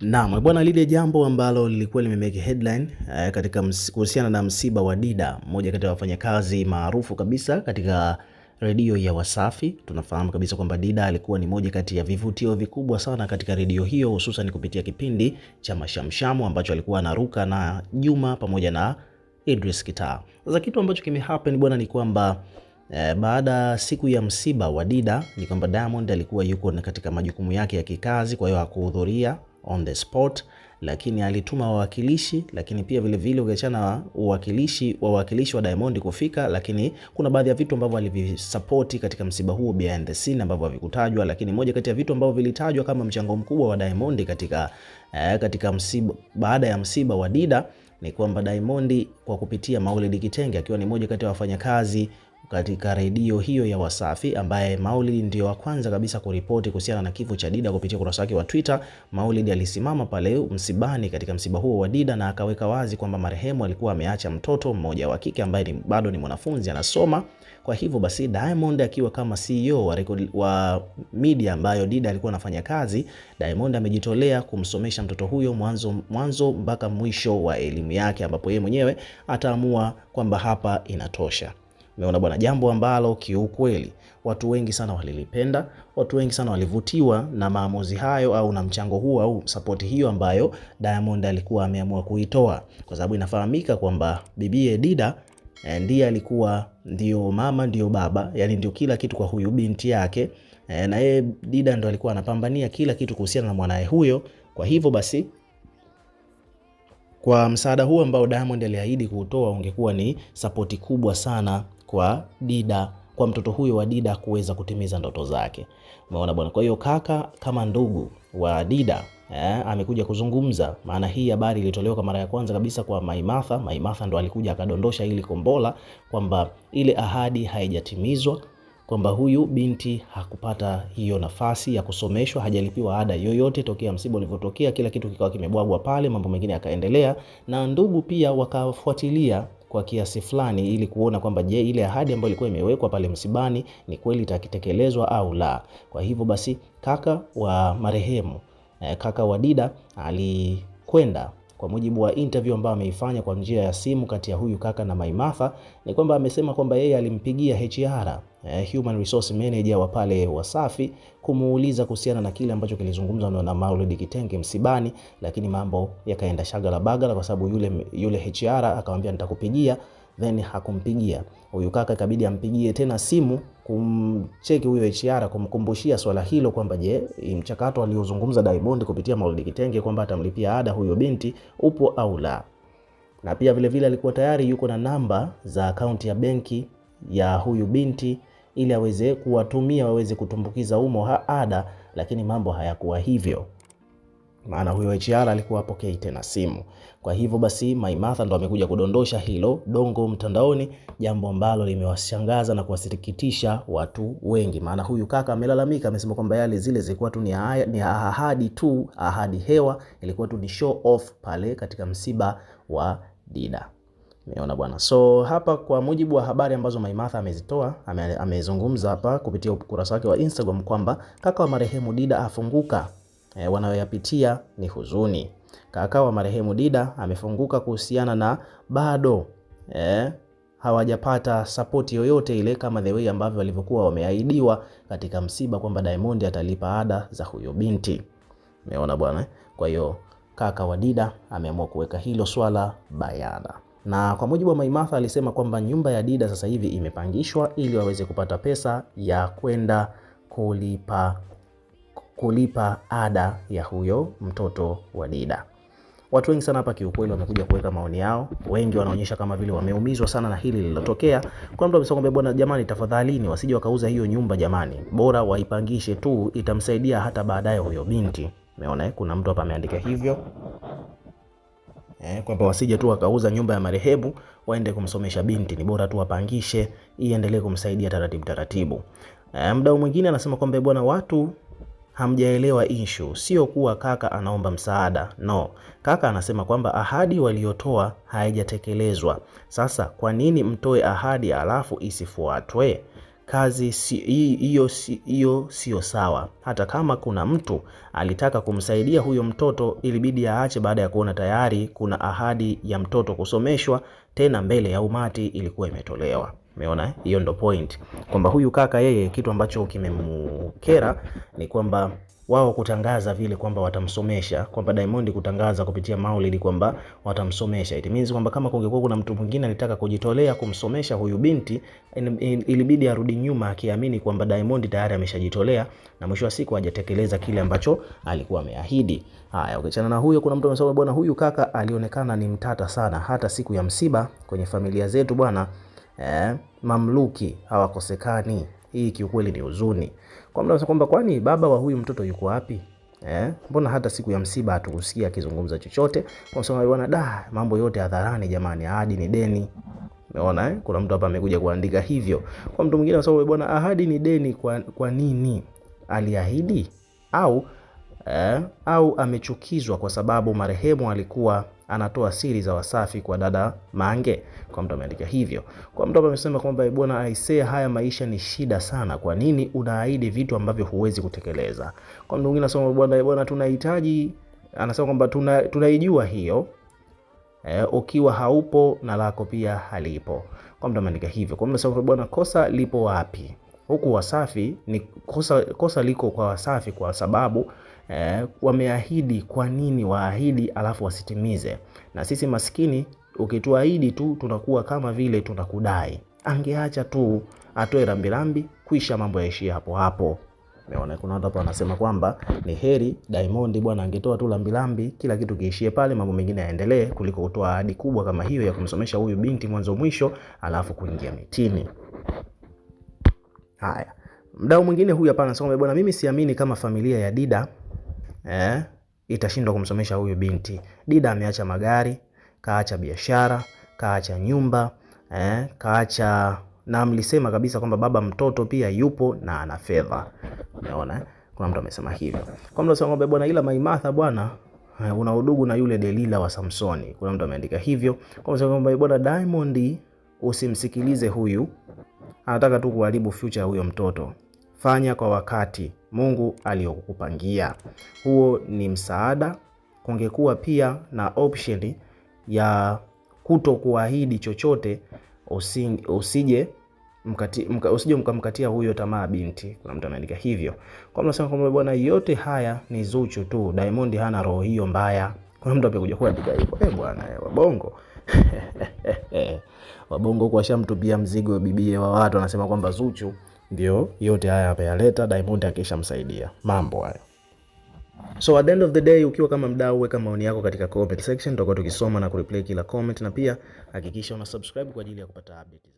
Naam, bwana, lile jambo ambalo lilikuwa limemeke headline eh, katika kuhusiana na msiba wa Dida, mmoja kati ya wafanyakazi maarufu kabisa katika redio ya Wasafi. Tunafahamu kabisa kwamba Dida alikuwa ni moja kati ya vivutio vikubwa sana katika redio hiyo, hususan kupitia kipindi cha Mashamshamu ambacho alikuwa anaruka na Juma pamoja na Idris Kitaa. Sasa kitu ambacho kimehappen bwana ni kwamba eh, baada siku ya msiba wa Dida ni kwamba Diamond alikuwa yuko katika majukumu yake ya kikazi, kwa hiyo hakuhudhuria on the spot, lakini alituma wawakilishi, lakini pia vilevile ukiachana na uwakilishi wawakilishi wa Diamond kufika, lakini kuna baadhi ya vitu ambavyo alivisupport katika msiba huo behind the scene ambavyo havikutajwa, lakini moja kati ya vitu ambavyo vilitajwa kama mchango mkubwa wa Diamond katika, eh, katika msiba, baada ya msiba wa Dida ni kwamba Diamond kwa kupitia Maulid Kitenge akiwa ni moja kati ya wafanyakazi katika redio hiyo ya Wasafi ambaye Maulid ndio wa kwanza kabisa kuripoti kuhusiana na kifo cha Dida kupitia ukurasa wake wa Twitter. Maulid alisimama pale msibani katika msiba huo wa Dida na akaweka wazi kwamba marehemu alikuwa ameacha mtoto mmoja wa kike ambaye ni, bado ni mwanafunzi anasoma. Kwa hivyo basi Diamond akiwa kama CEO wa, record, wa media ambayo Dida alikuwa anafanya kazi, Diamond amejitolea kumsomesha mtoto huyo mwanzo mwanzo mpaka mwisho wa elimu yake ambapo yeye mwenyewe ataamua kwamba hapa inatosha. Umeona bwana, jambo ambalo kiukweli watu wengi sana walilipenda, watu wengi sana walivutiwa na maamuzi hayo au na mchango huo au sapoti hiyo ambayo Diamond alikuwa ameamua kuitoa, kwa sababu inafahamika kwamba bibie Dida eh, ndiye alikuwa ndio mama ndio baba, yani ndio kila kitu kwa huyu binti yake, eh, na yeye Dida ndo alikuwa anapambania kila kitu kuhusiana na mwanaye huyo. Kwa hivyo basi kwa msaada huo ambao Diamond aliahidi kuutoa ungekuwa ni sapoti kubwa sana kwa Dida, kwa mtoto huyo wa Dida kuweza kutimiza ndoto zake. Umeona bwana. Kwa hiyo kaka kama ndugu wa Dida eh, amekuja kuzungumza. Maana hii habari ilitolewa kwa mara ya kwanza kabisa kwa maimatha maimatha ndo alikuja akadondosha ili kombola kwamba ile ahadi haijatimizwa kwamba huyu binti hakupata hiyo nafasi ya kusomeshwa, hajalipiwa ada yoyote tokea msiba ulivyotokea. Kila kitu kikawa kimebwagwa pale, mambo mengine yakaendelea, na ndugu pia wakafuatilia kwa kiasi fulani ili kuona kwamba je, ile ahadi ambayo ilikuwa imewekwa pale msibani ni kweli itakitekelezwa au la. Kwa hivyo basi, kaka wa marehemu, eh, kaka wa Dida alikwenda kwa mujibu wa interview ambayo ameifanya kwa njia ya simu kati ya huyu kaka na Maimatha, ni kwamba amesema kwamba yeye alimpigia HR eh, human resource manager wa pale Wasafi kumuuliza kuhusiana na kile ambacho kilizungumzwa na Maulid Kitenge msibani, lakini mambo yakaenda shagala bagala, kwa sababu yule, yule HR akamwambia nitakupigia then hakumpigia huyu kaka, ikabidi ampigie tena simu kumcheki huyo HR kumkumbushia swala hilo kwamba je, mchakato aliozungumza Diamond kupitia Maulid Kitenge kwamba atamlipia ada huyo binti upo au la. Na pia vilevile vile alikuwa tayari yuko na namba za akaunti ya benki ya huyu binti ili aweze kuwatumia waweze kutumbukiza umo ha ada, lakini mambo hayakuwa hivyo maana huyo HR alikuwa apokei tena simu. Kwa hivyo basi Maimartha ndo amekuja kudondosha hilo dongo mtandaoni, jambo ambalo limewashangaza na kuwasikitisha watu wengi, maana huyu kaka amelalamika, amesema kwamba yale zile zilikuwa tu ni ahadi tu, ahadi hewa, ilikuwa tu ni show off pale katika msiba wa Dida. Umeona bwana. So hapa kwa mujibu wa habari ambazo Maimartha amezitoa, amezungumza hapa kupitia ukurasa wake wa Instagram kwamba kaka wa marehemu Dida afunguka e, wanayoyapitia ni huzuni. Kaka wa marehemu Dida amefunguka kuhusiana na bado e, hawajapata sapoti yoyote ile kama the way ambavyo walivyokuwa wameahidiwa katika msiba kwamba Diamond atalipa ada za huyo binti. Umeona bwana? Eh? Kwa hiyo kaka wa Dida ameamua kuweka hilo swala bayana, na kwa mujibu wa Maimatha alisema kwamba nyumba ya Dida sasa hivi imepangishwa ili waweze kupata pesa ya kwenda kulipa kulipa ada ya huyo mtoto wa Dida. Watu wengi sana hapa kiukweli wamekuja kuweka maoni yao. Wengi wanaonyesha kama vile wameumizwa sana na hili lililotokea. Kuna mtu amesema kwamba bwana, jamani, tafadhalini wasije wakauza hiyo nyumba jamani, bora waipangishe tu, itamsaidia hata baadaye huyo binti. Umeona, eh? kuna mtu hapa ameandika hivyo eh, kwamba wasije tu wakauza nyumba ya marehemu waende kumsomesha binti, ni bora tu wapangishe iendelee kumsaidia taratibu taratibu. Eh, mdau mwingine anasema kwamba bwana, watu hamjaelewa ishu Sio kuwa kaka anaomba msaada, no. Kaka anasema kwamba ahadi waliotoa haijatekelezwa. Sasa kwa nini mtoe ahadi alafu isifuatwe? Kazi hiyo si, hiyo siyo sawa. Hata kama kuna mtu alitaka kumsaidia huyo mtoto, ilibidi aache baada ya kuona tayari kuna ahadi ya mtoto kusomeshwa, tena mbele ya umati ilikuwa imetolewa. Umeona hiyo ndo point kwamba huyu kaka yeye kitu ambacho kimemkera ni kwamba wao kutangaza vile kwamba watamsomesha, kwamba Diamond kutangaza kupitia Maulid kwamba watamsomesha. It means kwamba kama kungekuwa kuna mtu mwingine alitaka kujitolea kumsomesha huyu binti, ilibidi arudi nyuma akiamini kwamba Diamond tayari ameshajitolea na mwisho wa siku hajatekeleza kile ambacho alikuwa ameahidi. Haya, ukiachana na huyo, kuna mtu amesema bwana, huyu kaka alionekana ni mtata sana, hata siku ya msiba kwenye familia zetu bwana eh, mamluki hawakosekani. Hii kiukweli ni huzuni. Kwa mda kwamba kwani baba wa huyu mtoto yuko wapi? Eh, mbona hata siku ya msiba hatukusikia akizungumza chochote? Kwa sababu bwana, da, mambo yote hadharani jamani, ahadi ni deni. Umeona eh? Kuna mtu hapa amekuja kuandika hivyo. Kwa mtu mwingine anasema bwana, ahadi ni deni kwa, kwa nini? Aliahidi au eh, au amechukizwa kwa sababu marehemu alikuwa anatoa siri za Wasafi kwa dada Mange. Kwa mtu ameandika hivyo. Kwa mtu amesema kwamba eh, bwana aisee, haya maisha ni shida sana, kwa nini unaahidi vitu ambavyo huwezi kutekeleza? Kwa mtu mwingine anasema bwana eh, bwana, tunahitaji anasema kwamba tuna, tunaijua hiyo e, ukiwa haupo na lako pia halipo. Kwa mtu ameandika hivyo. Kwa mtu bwana, kosa lipo wapi? Huku Wasafi ni kosa, kosa liko kwa Wasafi kwa sababu eh, wameahidi. Kwa nini waahidi alafu wasitimize? Na sisi maskini, ukituahidi tu tunakuwa kama vile tunakudai. Angeacha tu atoe rambirambi, kuisha mambo yaishie hapo hapo. Umeona, kuna watu hapa wanasema kwamba ni heri Diamond bwana angetoa tu lambilambi, kila kitu kiishie pale, mambo mengine yaendelee, kuliko kutoa ahadi kubwa kama hiyo ya kumsomesha huyu binti mwanzo mwisho, alafu kuingia mitini. Haya, mdau mwingine huyu hapa anasema bwana, mimi siamini kama familia ya Dida eh, itashindwa kumsomesha huyu binti. Dida ameacha magari, kaacha biashara, kaacha nyumba eh, kaacha na mlisema kabisa kwamba baba mtoto pia yupo na ana fedha. Umeona, kuna mtu amesema hivyo kwa mtu asema bwana, ila Maimatha bwana eh, una udugu na yule Delila wa Samsoni. Kuna mtu ameandika hivyo kwa mtu asema bwana, Diamond usimsikilize huyu, anataka tu kuharibu future ya huyo mtoto fanya kwa wakati Mungu aliyokupangia. Huo ni msaada. Kungekuwa pia na option ya kuto kuahidi chochote, usije mka, usije mkamkatia huyo tamaa binti. Kuna mtu ameandika hivyo, kwa mnasema kwamba bwana, yote haya ni Zuchu tu, Diamond hana roho hiyo mbaya. Kuna mtu amekuja kuandika hivyo. Eh bwana, eh, wabongo wabongo kwa mzigo bibie wa watu, anasema kwamba Zuchu ndio yote haya ameyaleta Diamond, akishamsaidia mambo hayo. So at the end of the day, ukiwa kama mdau, weka maoni yako katika comment section, tutakuwa tukisoma na kureplay kila comment, na pia hakikisha una subscribe kwa ajili ya kupata update.